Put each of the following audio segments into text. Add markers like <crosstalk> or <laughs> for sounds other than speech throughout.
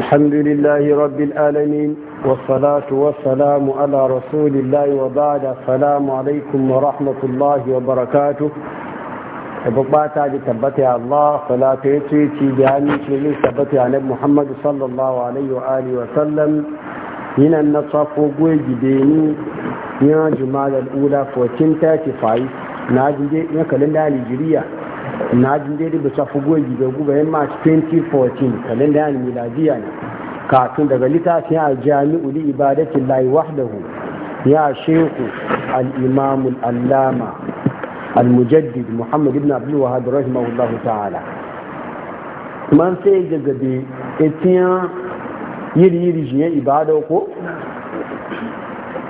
الحمد لله رب العالمين والصلاة والسلام على رسول الله وبعد السلام عليكم ورحمة الله وبركاته da tabbata ya salatu ya ce ci da wa alihi wa sallam yana na safo goyi gide ni da ula 1435 na jide ya na jin daidai ba shafi goyi da guba yin march 2014 kalenda yan miladiya ne kafin daga littafin a jami'u li ibadatin layi wahdahu ya shehu al-imamul allama al-mujaddid muhammad ibn abdul wahab rahimahullah ta'ala man sai daga bi etiyan yiri yiri jiyan ibada ko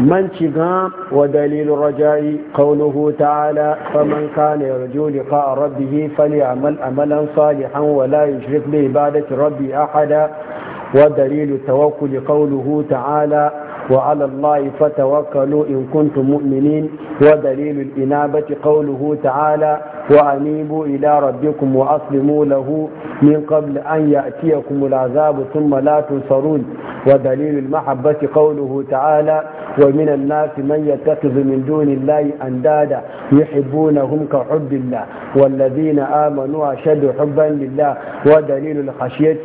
من شغام ودليل الرجاء قوله تعالى فمن كان يرجو لقاء ربه فليعمل عملا صالحا ولا يشرك بعبادة ربه أحدا ودليل التوكل قوله تعالى وعلى الله فتوكلوا إن كنتم مؤمنين ودليل الإنابة قوله تعالى وأنيبوا إلى ربكم وأسلموا له من قبل أن يأتيكم العذاب ثم لا تنصرون ودليل المحبة قوله تعالى ومن الناس من يتخذ من دون الله أندادا يحبونهم كحب الله والذين آمنوا أشد حبا لله ودليل الخشية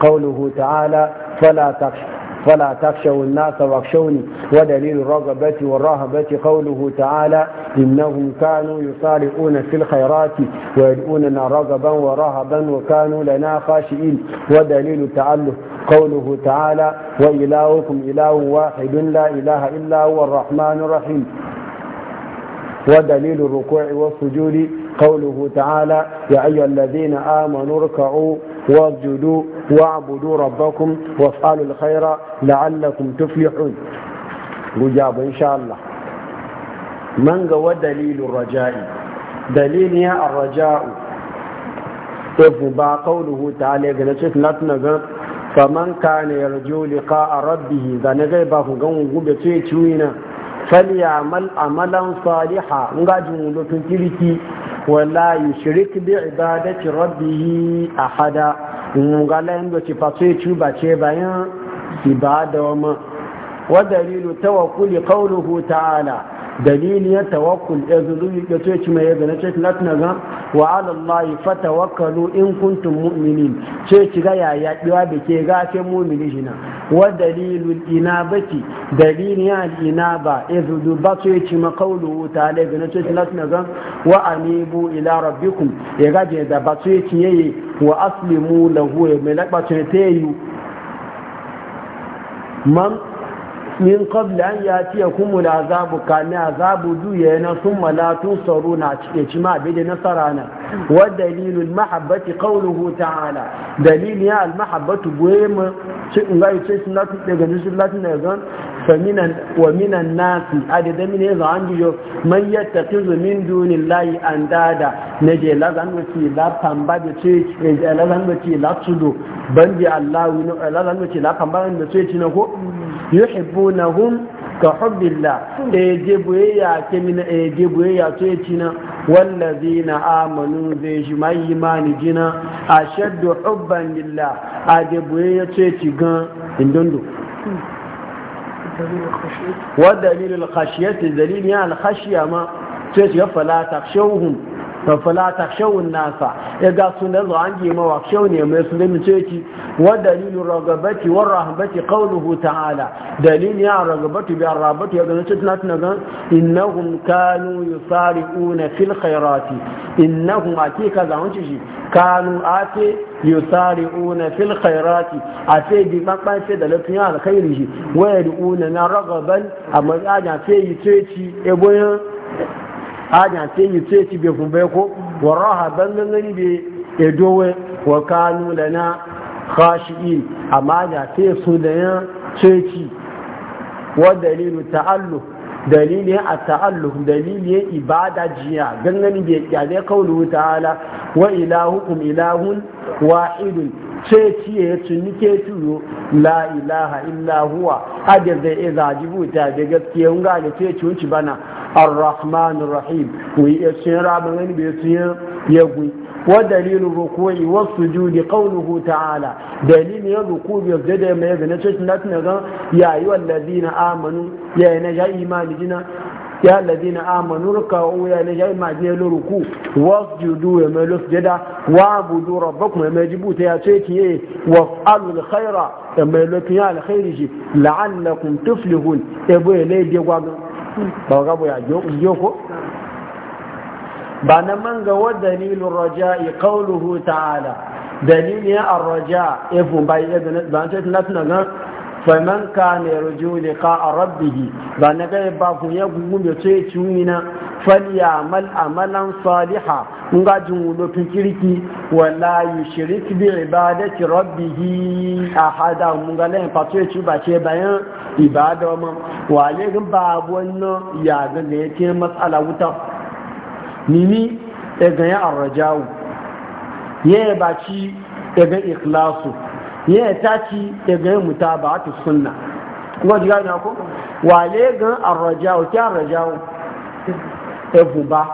قوله تعالى فلا تخشوا فلا تخشوا الناس واخشوني ودليل الرغبة والرهبة قوله تعالى إنهم كانوا يصارعون في الخيرات ويدعوننا رغبا ورهبا وكانوا لنا خاشئين ودليل التعلق قوله تعالى وإلهكم إله واحد لا إله إلا هو الرحمن الرحيم ودليل الركوع والسجود قوله تعالى يا أيها الذين آمنوا اركعوا واجدوا واعبدوا ربكم وافعلوا الخير لعلكم تفلحون وجاب ان شاء الله من هو دليل الرجاء دليل يا الرجاء إفبا قوله تعالى لا تنظر فمن كان يرجو لقاء ربه ذا نغيبه قوم قبتي تشوينا فليعمل عملا صالحا نغاجم لكم تلكي wala yushrik bi ibadati rabbihi ahada ngalayen da ci fasu cuba ce bayan ibada wa ma wa dalilu tawakkuli qawluhu ta'ala dalili ya tawakkul ya zuru ya ce ci mai yadda na ce na tuna ga wa ala allahi in kuntum mu'minin ce ci ga yaya diwa da ke ga ke mu'mini jina wa dalilul inabati dalili ya inaba ba zuru ba ce ci ma qawluhu wuta ga na ce na tuna zan wa anibu ila rabbikum ya ga je da ba ce ci yayi wa aslimu lahu ya mai lakba ce tayu man min qabla an yatiyakum yakum azabu kana azabu duya na thumma la tusaruna cike ci ma bi da nasara na wa dalilul mahabbati qawluhu ta'ala dalil ya al mahabbatu buema ci ngai ce sunna daga nisul lati ne zan faminan wa minan nasi adada min yanzu an jiyo man yattaqizu min dunillahi andada ne je la zan wuce la pamba de ce eh, la zan ci la tudu bandi allah eh, la zan ci la pamba da ce ci na ko yuhibbunahum ka hubbillah da ya je boyayya ke mina eh, ya je boyayya to ya ci na wallazina amanu zai shi mai imani jina ashaddu hubban lillah a je boyayya to ya ci gan indondo wa dalilul khashiyati dalilin ya al khashiya ma to ya fala takshawhum fafala ta shawun nasa ya ga sunan zuwa an gima wa shawun ne mai su limi ceci wa dalilin ragabati wa rahabati qawluhu ta'ala dalilin ya ragabati biyar arabati ya ganin cikin tana gan innahum kanu yusari'una fil khairati innahum akika ka mun ci kanu tsari una fil khairati ce bi makban sai da lafin ya alkhairi shi wa una na ragaban a matsaya ce yi ceci eboyan haja sai yi sai ci bai kuma ko waraha raha ban gangani bai edowe wa kanu lana khashi'in amma ya sai su da yan ceci wa dalilu ta'alluq dalili a ta'alluq dalili ibada jiya gangani ya kyale kaulu ta'ala wa ilahukum ilahun wahidun ceci ya tuni ke tuyo la ilaha illa huwa hadir da ya zaji buta da gaskiya ga da ceci wunci bana الرحمن الرحيم ويسير عبدين بيسير يقوي ودليل الركوع والسجود قوله تعالى دليل الركوع يسجد ما يزن ششنتنا يا أيها الذين آمنوا يا نجا إيمان جنا يا الذين آمنوا ركعوا يا نجا ما جيلوا ركوع واسجدوا ما لسجدا واعبدوا ربكم ما جبوا تياتيكي وافعلوا الخير ما لكم على خير لعلكم تفلحون ابو ليدي واغن ba ga boya ko ba na manga wa dalilun raja'i qawluhu ta'ala dalilin a raja ifun bai yadda na ba faman ka ne ruju liqa rabbih ba na ga ba ku ya gume ce ciwina falyamal amalan saliha nga jin lofin kirki wala yushrik bi ibadati rabbih ahada mun ga lan fa ce ba ce bayan ibada mun wa ne ga ba wannan ya ga ne ke matsala wuta nini e ga ya arrajau ye ba ci e ga ikhlasu ya ta ci daga yin muta ba ta sunna kuma ji ku ko le gan arrajawo ki arrajawo efu ba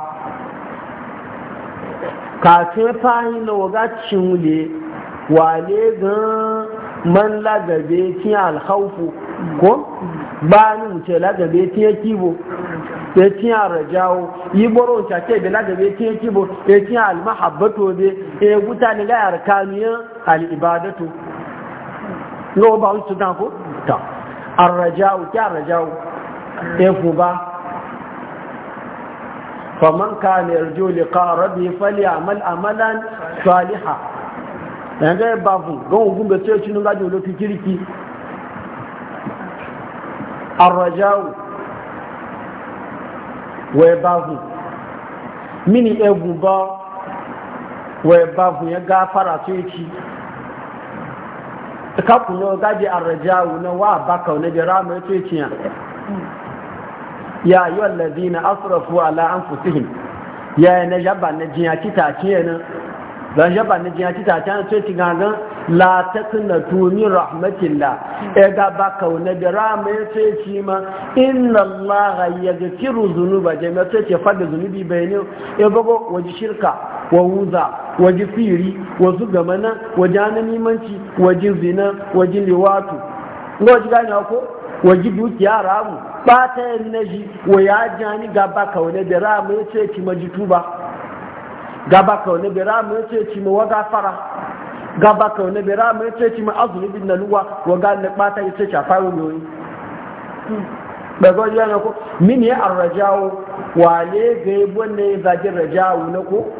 kafin fahin na waga cin wule le gan man lagabe ki alhaufu ko ba ni wuce lagabe ki ya kibo ya ci arrajawo yi boro ta ce da lagabe ki ya kibo ya ci almahabbato be ya guta ni la yarkaniyan al'ibadatu lo ba wuce na ko ta arraja'u ki arraja'u efu ba faman kana yarju liqa rabbi fali falyamal amalan salihan dan ga ba fu ga wu ga ce cinu ga jolo fi kirki arraja'u wa ba fu mini ebu ba wa ba fu ya fara ce ci kaku ne gaji rajawu na wa baka wani da rama ya ce ciya ya yi wallazi na asurafu ala an fusihin ya yi na jaba na jiya cita ce na zan jaba na jiya cita ce na ce ci gangan la ta tuni rahmatillah ya e ga baka wani da rama ya ce ci ma inna allaha ya ga kiru zunuba jami'a ce ce fada zunubi bai ne ya bago waje shirka wa wuza waji firi wasu gamana waji ananimanci waji zina waji liwatu ga waji gane ko waji ya ramu bata ya naji wa ya jani gaba kaune da ramu ya ce ki maji tuba gaba kaune da ramu ya ce ki fara gaba kaune da ramu ya ce ki ma azumi naluwa wa gane bata ya ce ki a bagoji ya daga mini ya arrajao wale ga yi zaji rajao nako ko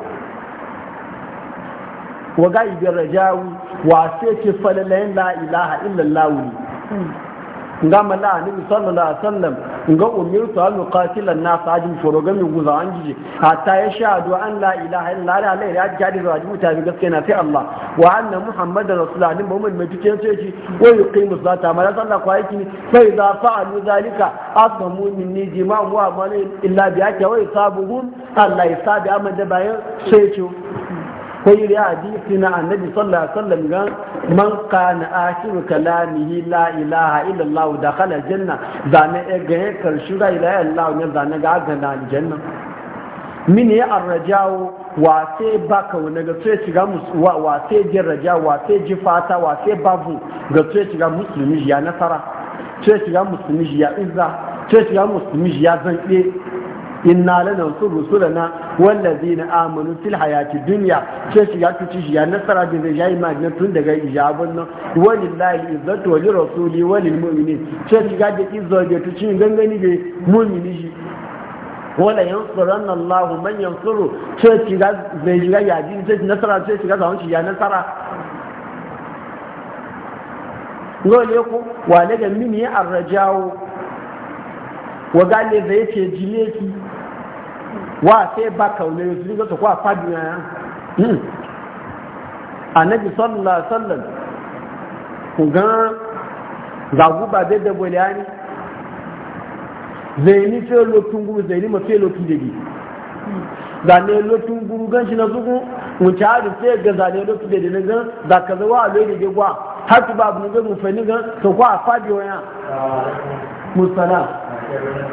wa ga ibi rajawu wa sai ce falalayin la ilaha illallah ne nga mala annabi sallallahu alaihi wasallam nga umirtu an uqatila an-nas ajin forogami guza an jiji hatta ya shahadu an la ilaha illallah allah la ilaha jadi da wajibu ta gaske na sai allah wa anna muhammadar rasulullah din bamu mai tuke sai ci wa yuqimu zata mala sallah ko yake fa idza fa'alu zalika asamu minni jima'u wa amana illa bi yake wa yusabuhum allah yusabi amma da bayan sai ci sai ya hadisi na annabi sallallahu alaihi wasallam gan man kana akhiru kalamihi la ilaha illa allah dakhala janna zane ga ya karshu la ilaha allah ne zane ga ga na janna min ya arrajawo wa sai ba ka wani ga sai shiga wa sai jin raja wa sai ji fata wa sai babu ga sai shiga musulmi ya nasara sai shiga musulmi ya izza sai shiga musulmi ya zanke inna lanansur rusulana wallazina amanu fil hayati dunya ce shi ya tuci shi ya nasara da zai yayi magana tun daga ijabun nan walillahi izzatu wa rasuli wa lil mu'minin ce shi ga da izzo da tuci gangani da mu'mini shi wala yansuranna Allah man yansuru ce shi ga zai shiga yaji ce nasara ce shi ga zawon shi ya nasara dole ku wa daga mini arrajawo wa gale zai ce jileki wa sai ba kaune su ga su kwa fadi ya annabi sallallahu alaihi wasallam ku ga zagu ba da da bolani zaini fe lotun guru ni ma fe lotun debi zane lotun guru gan shi na zugu mu ta da sai ga zane lotun debi na gan da ka zawa a lori de gwa har ku babu ne ga mu fani gan to kwa fadi ya musala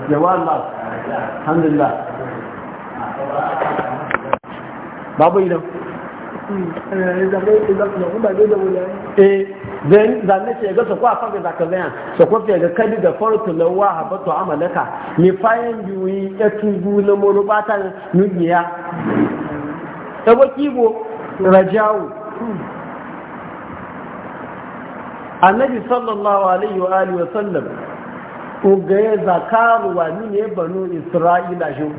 ya wallah alhamdulillah babu idan eh zane zanne ce ga sako a faga zaka zaya sako ce ga kadi da farko lawa habatu amalaka mi fayin biwi ya tugu na mono bata nugiya sabo kibo rajawu annabi sallallahu alaihi wa alihi wa sallam ugaye zakaru wa ni ne banu isra'ila shi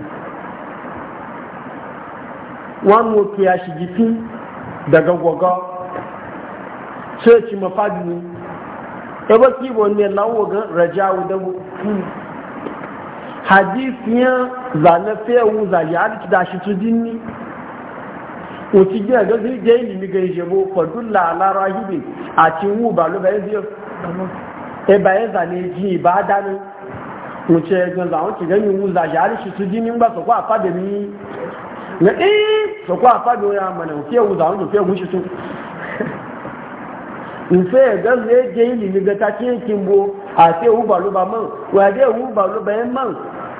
wọn wò pé aṣèjìtì dàgàgọgọ ṣéèṣì mọfàdìní ẹgbẹ tí ìwọ ní ẹláwọ gan rẹjá awùdẹwò hadith yẹn zànà fẹẹwù zàyà àdìkìdá aṣètúndì ní òtí jẹ ẹgbẹ tí jẹ ìlìmí ba ìṣẹbó pọdúlà alára ahìbì àti wù bàlúbà ẹ díẹ ẹbà ẹ zànà èjì ìbá dání òtí ẹgbẹ zàwọn kìgẹ ní wù zàyà àdìkìdá aṣètúndì ní ń gbàsọkọ àfàdé ní na ee, eh, so kwa fa ya mana ke wu za mu ke wu shi su in se ga le je ni mi ga ta ke kimbo a se wu ba lo ba man wa de u ba lo ba en man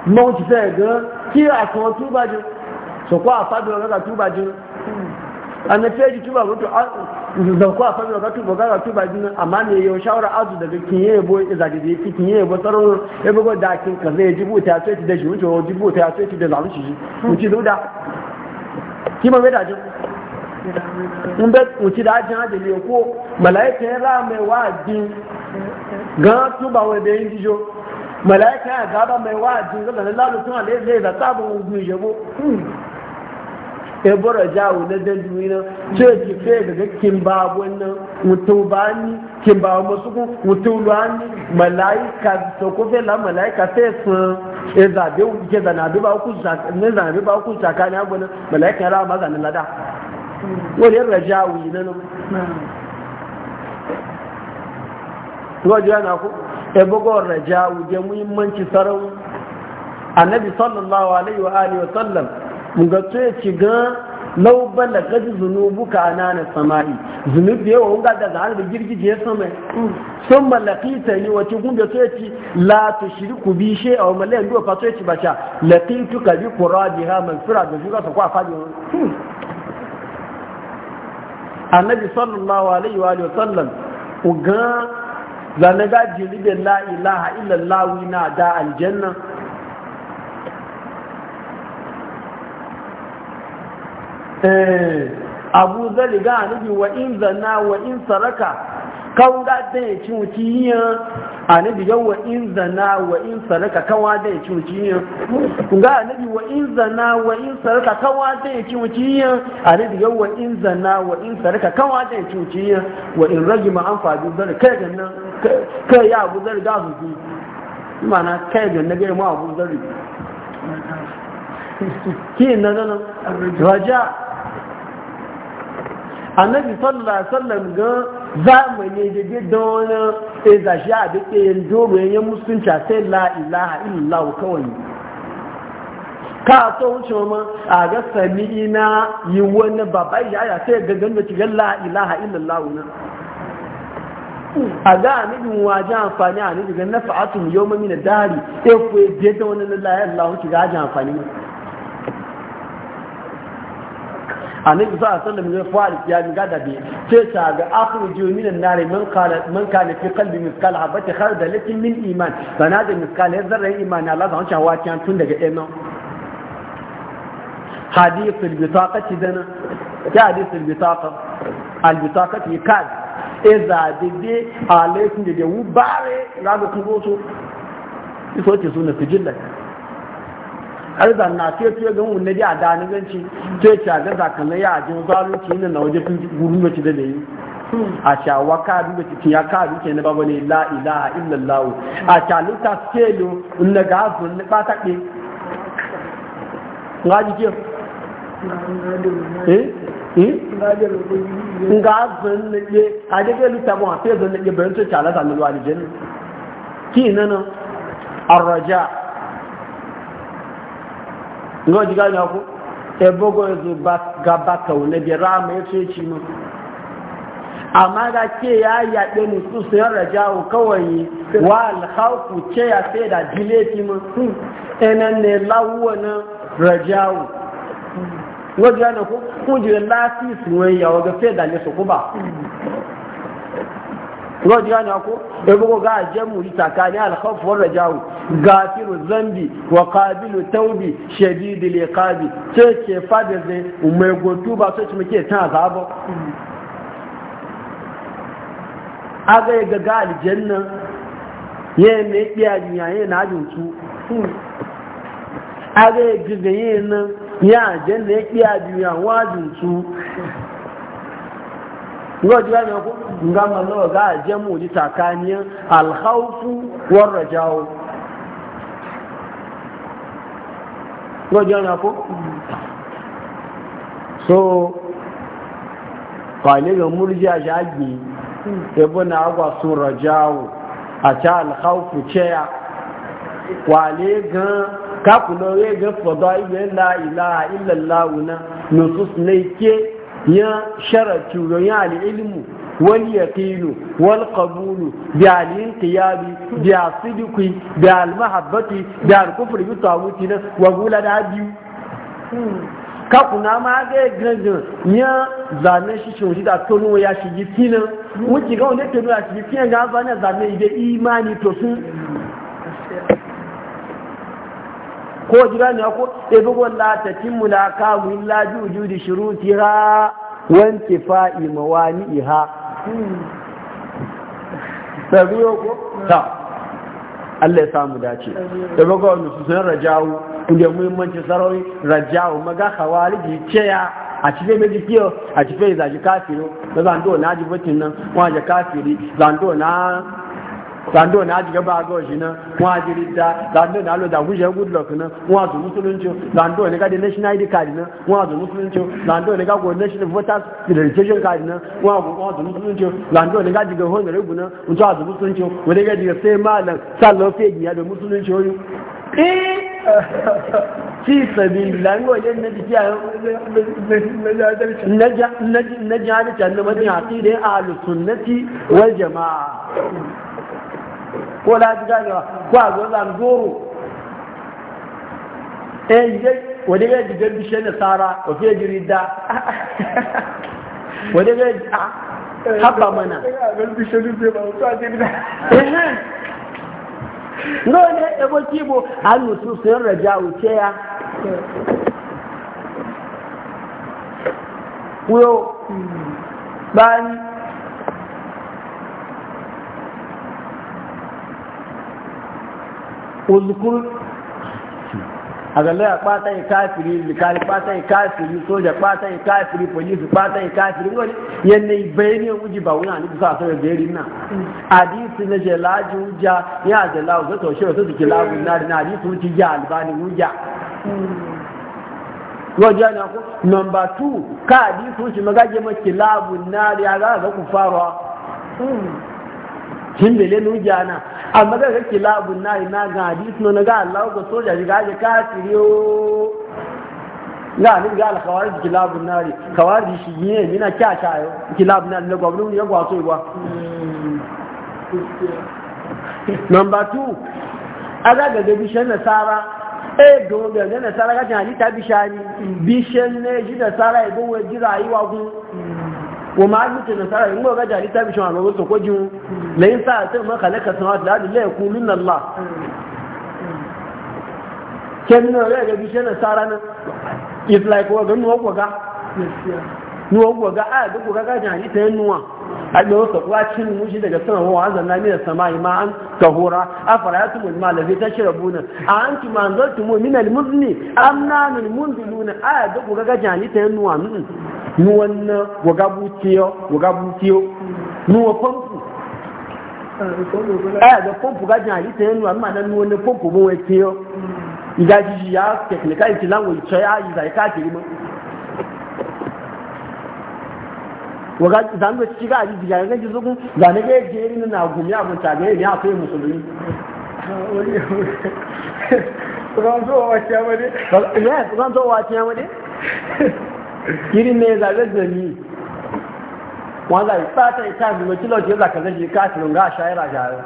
mo ti se ga ki a kan tu ba ju so kwa fa do ga tu ba ju annabi ji tuba mutu da ko afa ga tuba ga tuba din amma ne yau shawara azu daga kinye bo iza da yake kinye bo tsaron e bugo da kin ka zai jibu ta sai da shi mutu jibu ta sai da zalu shi mutu da kima mai da jin in bɛ kuti da ajin ajin ne ko malaika ya rame wajin ga tuba wa da yin dijo malaika ya gaba mai wajin ga da lalu tun ale zai da sabon gujebu ebora jawo na dandumi na ce ki fe daga kin ba wannan mutu ba ni kin ba masu ku mutu ba ni malaika to ko fe la malaika fe sun e za be u ke zana be ba ku ne zana be ba ku ka ne abuna malaika ra ma zana lada wani rajawi na nan Rojo yana ku, ebogowar rajawi da muhimmanci sarau, annabi sallallahu alaihi wa alihi wa sallam ga to ya ci ga lauban da gaji zunubu ka anana samari zunubu yawa da daga har da girgije ya sama sun ta yi wace gun da to ya ci la tu ku bi she a wa malayan duwa fato ya ci bacha tu ka bi bi ha fura da shi sa kwa fadi annabi sallallahu alaihi wa sallam ugan zanaga jiribe la ilaha illallah na da aljanna Eh, abu zali ga anabi wa in zanna wa in saraka kan ga da ya ci wuciya anabi ga wa in zanna wa in saraka kan wa da ya ci wuciya ga anabi wa in zanna wa in saraka kan wa da ya ci wuciya anabi ga wa in zanna wa in saraka kan wa da ya ci wuciya wa in ma an fadu zali kai ga nan kai ya abu zali ga su ji mana kai ga na ga mu abu zali ki nan nan raja annabi sallallahu alaihi wasallam ga zamani da bi dona e za shi a dake yin dogo yin musulunci sai la ilaha illallah kawai ka so wuce ma a ga sami'ina yi wani babai ya ya sai ga ganda ci ga la ilaha illallah na a ga annabi wajen amfani a annabi ga nafa'atun yawma min dari ya ko je da wani la ilaha illallah ki ga amfani ne annabi sa sallam ne fari ya mi gada bi sai ta ga akhiru ju min an-nar man qala man kana fi qalbi mithqal habati khardalatin min iman bana da ya zarra iman Allah zan cewa kiyan tun daga ɗaya nan hadithul bitaqati dana ya hadithul bitaqa al-bitaqati kad iza dide alaikum da wubare ga ku so iso ce sunan sujilla har zanna sai ce ga mun nabi a da ni ganci sai ce ga zakan ya ajin zalunci ne na waje tun gurin mace da yi a shawa ka duba cikin ya ka duke na babu ne la ilaha illallah a shaluta skelo na ga zun ne ba ta ke ngaji eh? ke eh nga zun ne ke a je ke luta mu a sai zun ne ke bayan to chala ta ne wali jin ki nan arraja Nga ji gani ko e bogo e zu ba bi rama mu amma da ke e ya yaɗe mu su sayar da jawo kawai wa alhauku ce ya sai da dile ci mu enan ne lawuwa na rajawo wajen da ku kujin lafi suwayya wajen sai da ne su ba. ngo jani ako ebo ga jamu litakani al khawf wal rajau gafiru zambi wa qabilu tawbi shadid al iqab ce ce fada zai umai gotu ba so ce muke tan azabo A ga ga aljanna ye me biya duniya ye na juntu A ga ga ye na ya janna ya biya duniya wa juntu ngo ji ne ko ngam Allah ga jamu ji takaniyar alkhawfu war rajau ngo ji ne ko so kwale ga murja jagi ebo na agwa sun rajau a ta alkhawfu ceya kwale ga kakulore ga fada la, ila illallah na nusus ne ke ya sharatu ya al'ilmu wal yaqinu wal qabulu bi al inqiyabi bi al sidqi bi al mahabbati bi al kufri bi tawuti na wa gula da biyu ka kuna ma ga grangan ya zane shi shi da tono ya shi gitina Wuce ga wanda tono ya shi gitina ga zane zane ide imani to sun ko jira ne ko e bugo la ta timmu la ka shuruti ha wan wa mawani mawani'iha sabiyo ko ta Allah ya samu dace da bugo wani su sun rajawu inda muhimmanci sarari rajawu maga khawaliji ceya a cikin mai jikiyo a cikin zaji kafiro da zando na jibatin nan wajen kafiri zando na zando na ajiye ba ga shi nan kun ajiri da zando na alo da gushe good luck kun azu musulunci zando ne ga national id card nan kun azu musulunci zando ne ga go national voters registration card na, kun azu kun azu musulunci zando ne ga diga honore rebu na, kun azu musulunci wani ga diga sai malam sallo fegi ya da musulunci oyu eh <laughs> fi sabilillah ngo yen na dikiya na na na jali tan na madin ahlus sunnati wal jamaa ko lati ganewa ko a zo zan doro eh je wani ga gidan bishe na sara wa fiye jirida <laughs> wani ga haba mana no ne ebo kibo hannu su sun raja wuce ya kuyo bani uzkur agalla ya kpata ya kafiri likali kpata ya kafiri soja kpata ya kafiri polisi kpata ya kafiri wani yanne bayani ya uji ba wani ani bisa so ya gari na hadisi na jelaji uja ya jela uja to shi wasu suke lagu na da hadisi uji ya albani uja wajen na ku nomba 2 ka hadisi uji magaje ma kilabu na da ya ga ku fara shin bele uja na amma da kake labun na na ga hadis no ga Allah ga soja ji ga kafiri o ga ni ga al labun na nari khawarij shi ne na kya kya yo kilabun nari ne gwabnu ne gwa so gwa number 2 aga ga da bishan nasara eh do ga ga nasara ga ta ni ta bishani bishan ne ji da sara e go we ji rayuwa gun wa ma nasara yin gwaga jari ta bishin wani wasu ko jiwu na yin sa'a maka na kasan wata da ku nuna Allah ken nuna nasara na, it's like ya a ga ta nuwa a ɗaya wasu daga ma an a lafi ta shira buna a an minal amna nu wannan waga butiyo waga butiyo nu wa pompu eh da pompu ga jani te nu amma nan nu ne pompu bo we tiyo iga jiji ya technical ti language cho ya yi zai ka kiri mo waga zan ga ci ga ji ga ga ji zugun da ne ga jeri na gumi abun ta ga ya fa musulmi ran wa ciya made wa ciya <laughs> kiri ne zaɓe zami wanda ya fata ya ta zuwa kilo ke zaka zai kafirin ga shayara shayara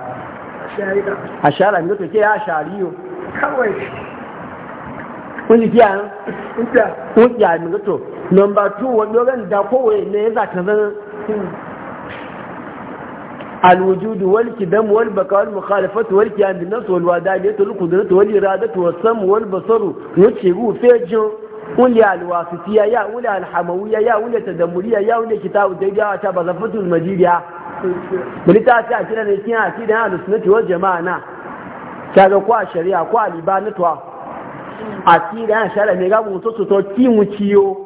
a shayara ne ke ya shariyo kawai kun ji kiya nan? kun kiya ne to number two wani ran da kowai ne ya zaka zan الوجود والكدم والبقاء والمخالفة والكيان بالنفس والوادانية والقدرة والإرادة والسم wuce والشيء فيه wuli alwasitiya ya wuli alhamawiya ya wuli tadamuriya ya wuli kitabu daidaiwa ta bazafatul majiriya wani ta ce a kira ne kin da yana sunnati wal jama'a na ta ga kwa shari'a kwa libanatwa a ti da yana shari'a ne ga mutu su to ki mu ciyo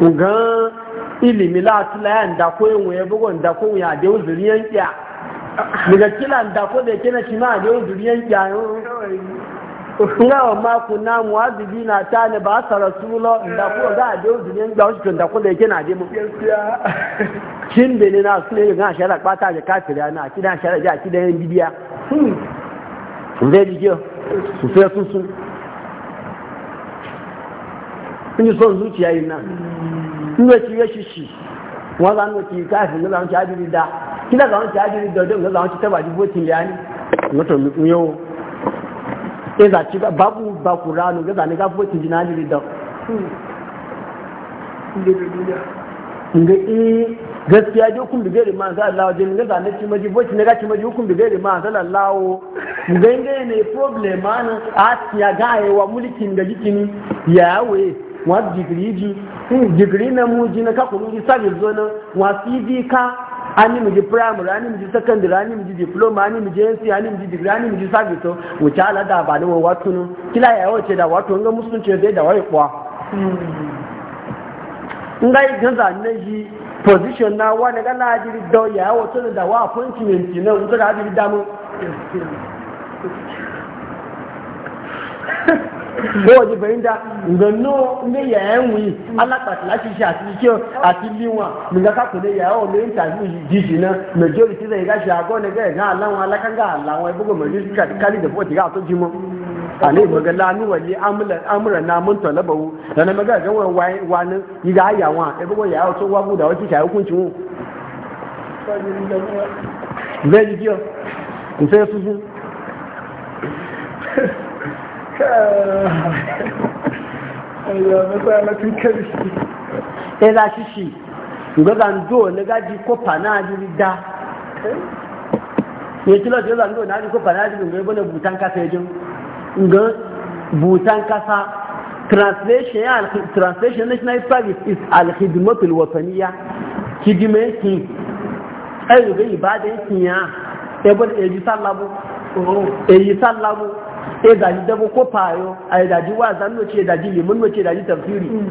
ugan ilimi la tula ya nda ko yin wuya bugu nda ko wuya da uzuriyan daga kila nda ko shi ma ngawa maku na muwazibi na ta ne ba sa rasulo da ko ga da yau duniyan ga wasu tun da kuma yake na je mu shin bene na su ne ga shara kwata da ya hmm. na kida shara hmm. ja kida yan bidiya zai ji kiyo su sai su su kun ji son zuciya yin nan in ga ci ya shishi wa za mu ci kafin ga za mu da kida ga mu ci da don ga za mu ci taba jibotin yani mutum yau sai za ci babu ba kuranu ga zane gafi wacin jinali da ga e gaskiya ji hukum bigari ma za Allah wajen ga zane ci maji wacin na gaci maji hukum bigari ma za Allah ga inda ne problem ana a ya gaye wa mulkin da jikin yawe wa digiri ji digiri na muji na kakuru ji sabi zo na wa cv ka ani mu ji primary ani mu ji secondary ani mu ji diploma ani mu ji nc ani mu ji degree ani mu ji service mu ci ala da ba ni wa watu nu kila ya wace da watu nga ce da da wai kuwa? Hmm. nga yi ganza ne ji position na wa daga na ji da ya wato da wa appointment ne mu da ji damu? <laughs> ó wọ́n ti bẹ̀rẹ̀ dá ǹgbẹ́ náà ní yẹ̀ ẹ́ ń wí alápàtì láti ṣe àtijọ́ àti líwọ̀n nǹkan kápò ní yẹ̀ ọ́ lóyún tàbí jìjì náà mẹjọ́rì tí lẹ́yìn káṣí àgọ́ nẹgẹ́ ẹ̀gá aláwọn alákàngá aláwọn ẹgbẹ́gbẹ́ mẹjọ́rì kàdí kálí ìdẹ̀fọ́ ti ká àtọ́jú mọ́. ale maga lanu wali amura na mun talaba wu da na maga gawa wani yiga ayawa ẹ̀rọ ṣíṣì ìgbẹ́gbà ń dò lẹ́gájí kópa náà rírí dá ètí lọ́tí ó lọ́gbọ́n náà rí kópa náà rírí ìgbẹ́ bọ́nà bhutan kásá ẹjọ́ ǹgan bhutan kásá translation national service is alhidimotul wataniya kìdìmẹ́ kì ẹ̀rùgbẹ́ ìbádẹ́ kìyàn ẹgbọ́n èyí sálábù e zaji dabo ko fayo a yi zaji wa zan noce ya zaji limin noce ya zaji tafsiri in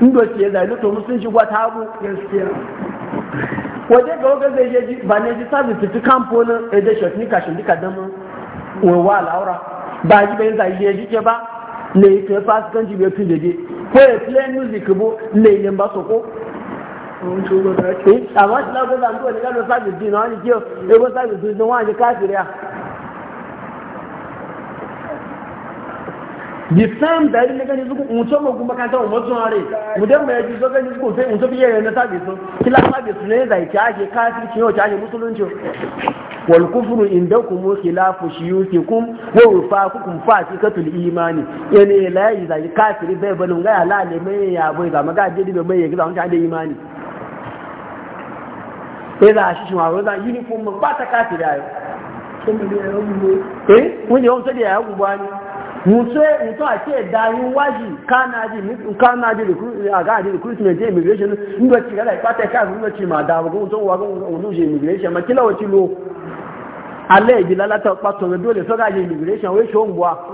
mm. doce ya zaji to sun shi gwata abu waje ga wajen zai je ba ne ji sabi kamfo na ede shot ni kashin duka dama wewa laura ba ji bayan zaji eh, ya jike ba ne yi kai bai fi ko ya music bo ne yi ba so ko o na bisam da yi gani zuku mutum ma kuma kan tawo mutum are mudan mai ji so gani zuku sai mutum biye yana sabi so kila sabi su ne da ki ake kafirci yau ki ake musulunci wal kufru indakum khilafu shuyukikum wa wifaqukum fasikatul imani yana la yi da kafiri bai banin ga halale mai ya bai ga maga je dibe mai ya ga wanda da imani sai da shi shi ma wanda uniform ba ta kafiri ayo eh mun je wanda da ya gubani muso mutu a ce dayin waji kanaji kanaji a ganaji recruitment immigration ndo ci gada ipata ka ndo ci ma dawo go to wago ndo je immigration ma kila wati lo ale ji lalata pato ga dole so ga je immigration we sho ngwa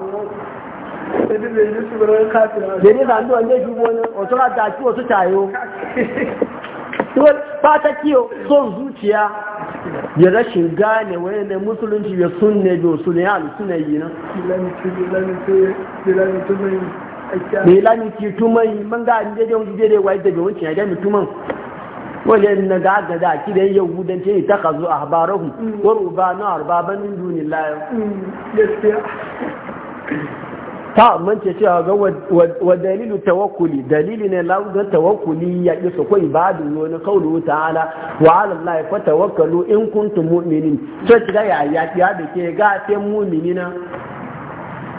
Dede ta ndo nje ju wona o to ga da ci o to tayo. Pata kiyo zuciya ya rashin gane wani ne musulunci ya sunne da su ne alu ne yi na ne lami ki tumai man ga ajiye da wani jeje wai daga wancan ya dami tuman wani na ga ga da ki da yahudanci ne ta kazo a habarahu mm. ba na arbaban min duniya mm. gaskiya ta ce cewa ga wa dalilu tawakkuli dalili ne la ga tawakkuli ya ki so ko ibadu ne kaulu ta'ala wa ala allahi fa tawakkalu in kuntum mu'minin to ga ya ya da ke ga sai mu'minina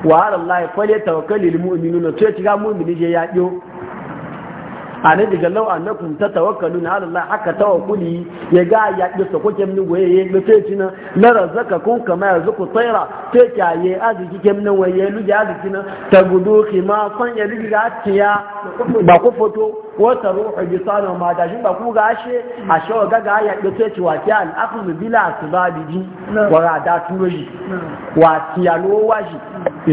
wa ala allahi fa li tawakkali lil mu'minina to ki ga mu'mini je ya yo a ne daga lau a nakun ta tawakkalu na Allah haka tawakkuli ya ga ya ɗi kuke mini waye ya ɗi sai cina na razaka kun kama ya zuku tsaira sai kyaye arziki ke mini waye ya na ta gudu kima son ya lugi ga ciya ba ku foto wata ruhu bi sanu ma da shi ba ku gashe a shawa ga ga ya dace ci wa kiyan akhu bila asbabi wa rada turoji wa tiyalo waji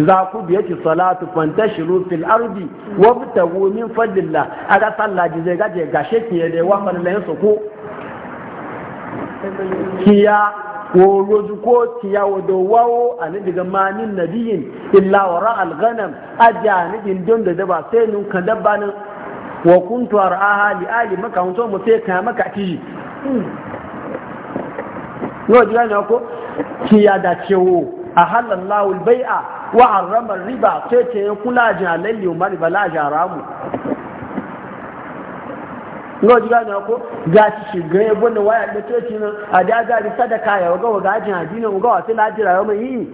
Za ku biya yati salatu Fanta, fil ardi wabtagu min fadlillah aga sallaji zai gaje gashe ki da wa kan su ko kiya ko rozu ko tiyawo da wawo a ni daga manin nabiyin illa wara alganam ni din don da daba sai nun kan dabba nan wa kuntu ar'aha li ali maka hunto mu sai ka maka ti no jira ne ko ki ya da cewo ahalla Allahu al-bai'a wa harrama riba sai ce kula jalalli mari bala jaramu no jira ne ko ga shi ga ya bunne waya da teci nan a da ga sadaka ya ga ga jin adinin ga wasu lajira yau mai yi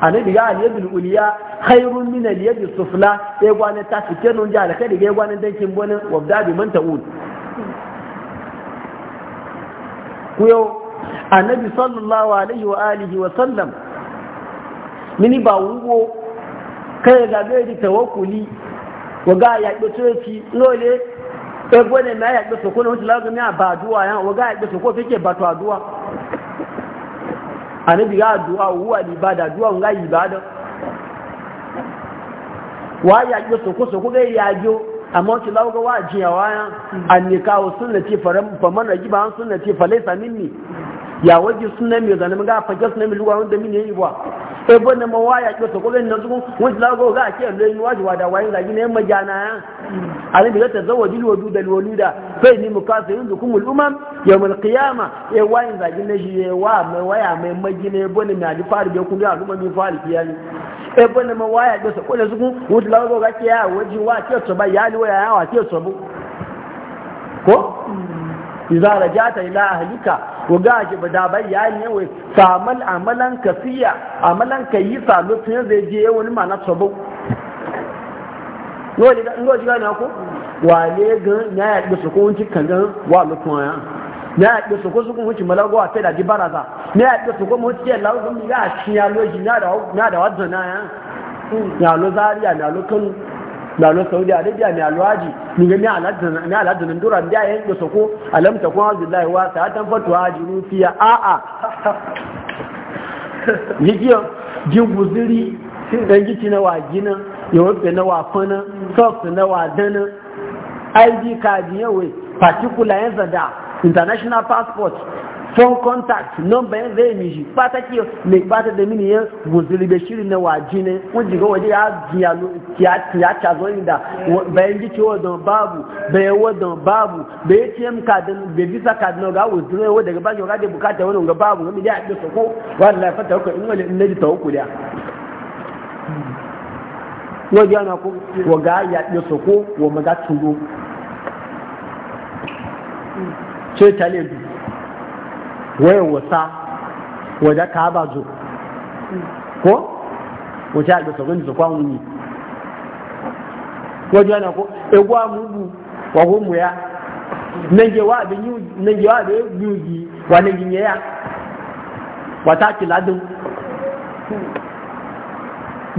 annabi ga aliyadul uliya khairun min aliyadis sufla e gwanin ta fice nun ji alaka da gwanin dankin bonin wabda bi man ta'ud yo annabi sallallahu alaihi wa alihi wa sallam mini ba wugo kai ga di tawakkuli ga ya ibe tsoci e egwene na ya ibe sokona wuce lazumi a ba aduwa wa ga ya so ko fike ba to aduwa anabi ya du'a huwa ibada du'a nga ibada wa ya ji so ko so ko ga ya ji amma ki lawo wa ji ya waya annika wa sunnati faram faman rajiba an sunnati falaysa minni ya waji sunna mi zalim ga fa sunna mi luwa wanda min yi ba ebo ne mo waya ko to ko le no tukun won la go ga ke le ni waji wada wayin ga ne ma jana ya ani bi ta zawo dil da dal wuluda sai ni mukasa mukasirin dukum al umam yawm al qiyama e wayin ga ne ji e wa me waya me maji ne ebo ni na di fari be ku ga aluma mi fari kiya ni ebo ne mo waya ko to ko le tukun won la go ga ke ya waji wa ke to ba yali waya ya wa ke to bu ko iza ta ila ahlika wa gaji bada bayani yawe samal amalan kasiya amalan kayi salo tun zai je wani mana sabo ngo diga ngo diga na ko wale gan na ya dusu ko wuncin kan gan wa lutun ya na ya dusu ko su kun malago a fada di baraza na ya dusu ko mu wuncin lawo gan mi ga shi ya loji na da na da wadzana ya ya lo zaria na lo kanu lalo saudi arabia mai alwaji ni ga mai aladun dura da ya yanke sako alamta kuma abdullahi wa sa tan fatuwa jiru fiya a a jigiyo ji guziri dan gici na wagina ya wafe na wafana socks na wadana id card yawai particular yanzu da international passport phone contact number yan zai mishi bata ki mai bata da mini yan da na waji ne kun jiga waje ya jiyalo ya cazo inda bayan gici wadon babu bayan wadon babu da ya kadin da visa kadin ga wuzuri wadda ga bashi ga bukata wani ga babu wani ya ɗi sako wallahi fata hukun in wani na ji yana ko wa ga ya ɗi wa maza waya wasa wadda ka ba zo ko wace a ɗasa wani zakwa muni wajen yana ko egwa mugu wa mu ya nan wa abin yi nan gewa abin yi wa nan ya wa ta ci ladin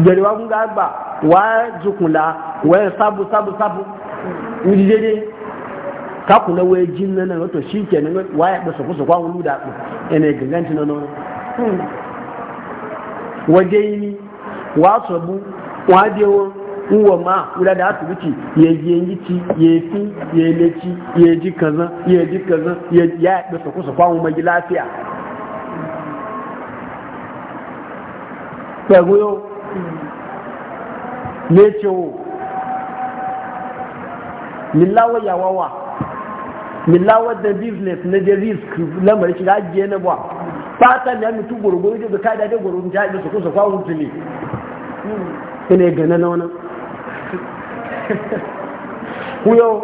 gẹ̀rẹ̀wá ń gbà wá jùkùnlá wẹ́n sabu sábù sábù ń kaku na waye jin nan wato shi ke nan waya da su su kwan da ku ene ganganci na nono hmm. waje ni wa sabu wa dewo uwa ma wula da asibiti ya yi yanki ci ya yi fi ya yi leci ya yi ji kaza ya yi ji kaza ya ya da su su kwan mai lafiya pẹ̀lú yóò lé tí ó níláwọ̀ yàwó wà millawar da business na da risk lamar da ajiye na ba fatan tu mutu gurgu da ka da da gurgu ta yi su kusa kwawun tuli ina gana na wani kuyo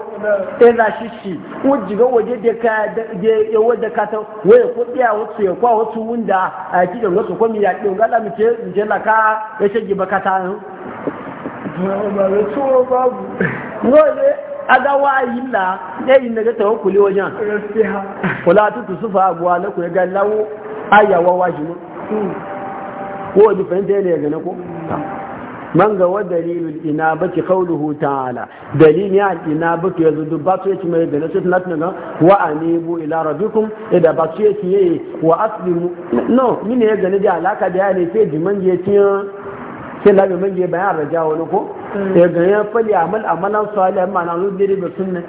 ina shishi wajiga waje da ka da waje ka ta waye kudi a wasu ya kwa wasu wunda a kidan wasu kwami ya kidan gada mace mace na ka ya shagi baka ta Ba ba ba ba ba aga wayi ne yin daga kuli wajen wala tutu sufa abuwa na ku ga lawo ayawa washi mu ko da fahimta ne ga na ko man ga wa dalilul inabati qawluhu ta'ala dalil ya inabatu yazudu batu yace mai da nasu tunat naga wa anibu ila rabbikum ida batu yace yi wa mu. no mine ya gani da alaka da ya ne sai jiman je tin sai labe man je bayan rajawa ne ko ya ya fali amal amalan salih amma na zuwa dare da sunna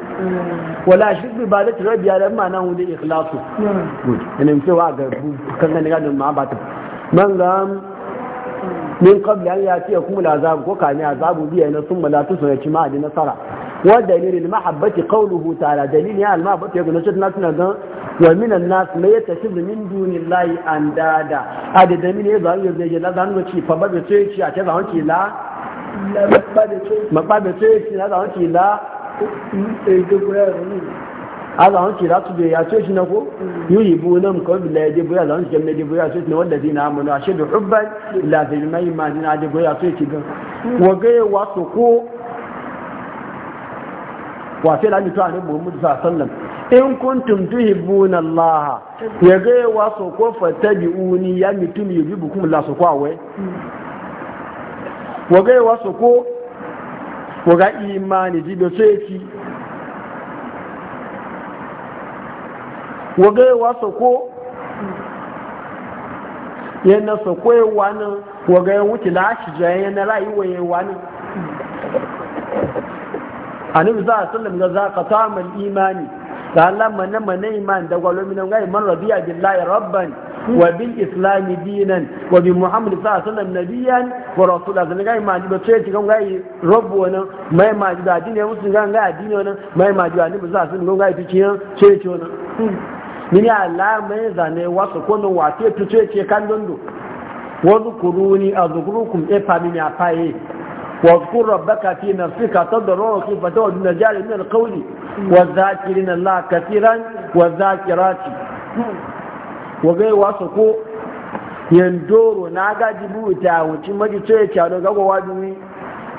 wala shi bi ba da tirabi ya amma na wuce ikhlasu good hmm. ina cewa ga kan ganin gadin ma ba ta man ga min qabli an yati yakum al'azab ko a azabu biya na summa la ya ma adi nasara wa dalil al mahabbati qawluhu ta'ala dalil ya al mahabbati ya gona shi na tuna ga wa min an nas la yatasib min dunillahi andada adada min ya zan yi zai la zan ci fa ba ce ci a ta zan ci la mọ̀pábẹ̀tọ́ èsì láwọn kì lá ẹgbẹ́gbẹ́ azan ki za su je ya ce shi na ko yuyibu nan ko bila je boya zan shi ne je ma ta in ya ga wa su la waga yawa su ko waga imani jibe so yake waga yi wasu ko yana so ko yawa wani waga yawa wuce lashi jayen yana rayuwa yawa nan annabi za a sallam ga za ka tamal imani kala mana mana iman da gwalo minan gai man radiya billahi rabban wa bil islam dinan wa bi muhammad sallallahu alaihi wasallam nabiyan wa rasulan zan gai ma da ce cikin gai rabbu wannan mai ma da addini musu gai gai addini wannan mai ma da annabi sallallahu alaihi wasallam gai cikin ce ce wannan min ya Allah mai zane wasu kono wa ce ce kan dondo wa zukuruni azkurukum e fa min ya faye واذكر ربك في نفسك تضرعا وخيفة ودون جار من القول والذاكرين الله كثيرا والذاكرات وغير واسقو يندور ناغا جبوتا وتمجي تيكا لغاو وادوي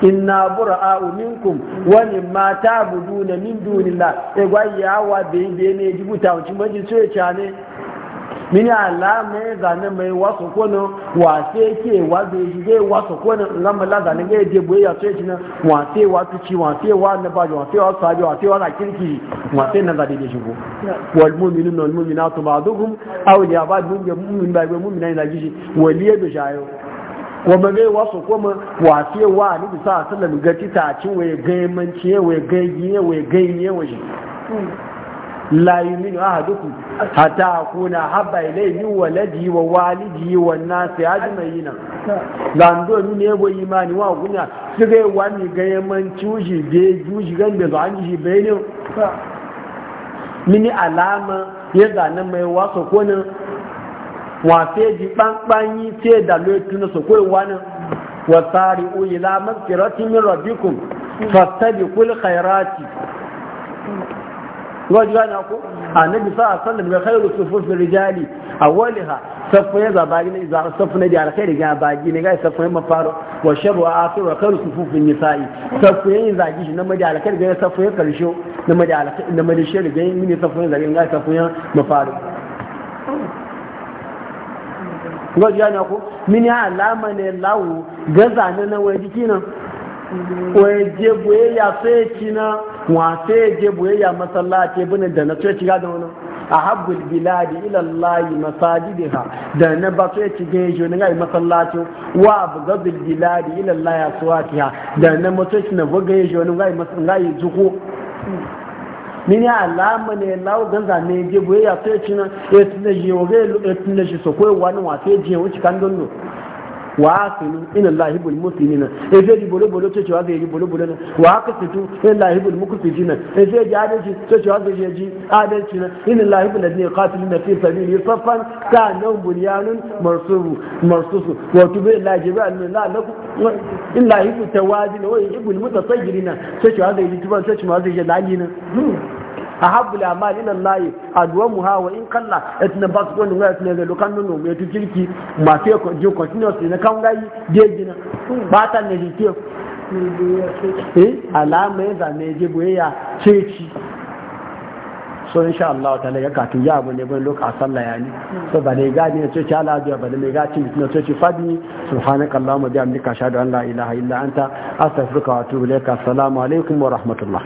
inna bura'a'u minkum wa mimma ta'buduna min dunillah e gwayawa be be ne jibuta wucin baji so ya ne mini alama ya zane mai wasu kone wase ke wazo shi zai wasu kone in gama la zane ga yaje boye ya so yaci na wase wa tuci wase wa na baji wase wa sabi wase wa na kirki wase na zade da shigo wal mu'minun wal mu'minatu ba'duhum awliya ba'd mu'min ba ga mu'mina da gishi waliye da shayo kuma gai wasu kuma wase wa ni bisa sallam ga titacin waye gaimanci waye gaiye waye gaiye waye la yuminu ahadukum hatta akuna habba ilayhi wa ladi wa walidi wa nasi ajma'ina dan do ni ne bo imani wa kunya sige wani ga yaman cuji be juji gan da zan ji be ne mini alama ya zana mai waso konin wa feji pankpanyi te da lokacin su kai wani wa tsari uyi la maskirati min rabbikum fastabiqul khairati wajiba yana ko annabi sa a sallar mai khairu sufufin rijali a waliha saffin ya zabari na izara saffin na jihar kai riga bagi ne gai saffin mafaro wa shabu a asiru wa khairu sufufin nisa'i saffin yin zagi shi na majihar kai riga saffin karshe na majihar kai na majihar riga yin zagi mafaro yana ko mini alama ne lawo gaza na na waje ya wace je boyayya masallaci binin da na ce shiga da wani a habbul biladi ilallahi masajidiha da na ba ce ci ga jo na yi masallaci wa abgabil biladi ila ilallahi aswatiha da na mace ci na buga je na yi masallaci zuko mini alama ne lawo ganza ne je boyayya ce ci na etinaji wa ga etinaji so ko wani wace je wuce kan dondo وعاقلوا إن الله يحب المسلمين إذا يبولو بولو تشوا ذي يبولو بولنا وعاقلتو إن الله يحب المكتفين إذا يجي عادل شي تشوا ذي يجي عادل شينا إن الله يحب الذين يقاتلون في سبيل صفا كأنهم بنيان مرصوص مرصوص وتبع لا جبع لا لك إن الله يحب التوازن ويحب المتطيرين تشوا ذي يجي تبع تشوا ذي يجي لعينا ahabbul amali ila Allah adwamuha wa in qalla etna bas ko ndunga etna le lokan no me tu kirki ma te ko je continuous ne kan gai de gina ba ta ne di te eh alama za ne je ya ceci so insha Allah ta daga kafin ya abu ne ban loka sallah yani so ba ne gani ne ceci ala biya ba ne gaci na ceci fadi subhanaka allahumma bihamdika ashhadu an la ilaha illa anta astaghfiruka wa atubu ilaika assalamu alaikum wa rahmatullah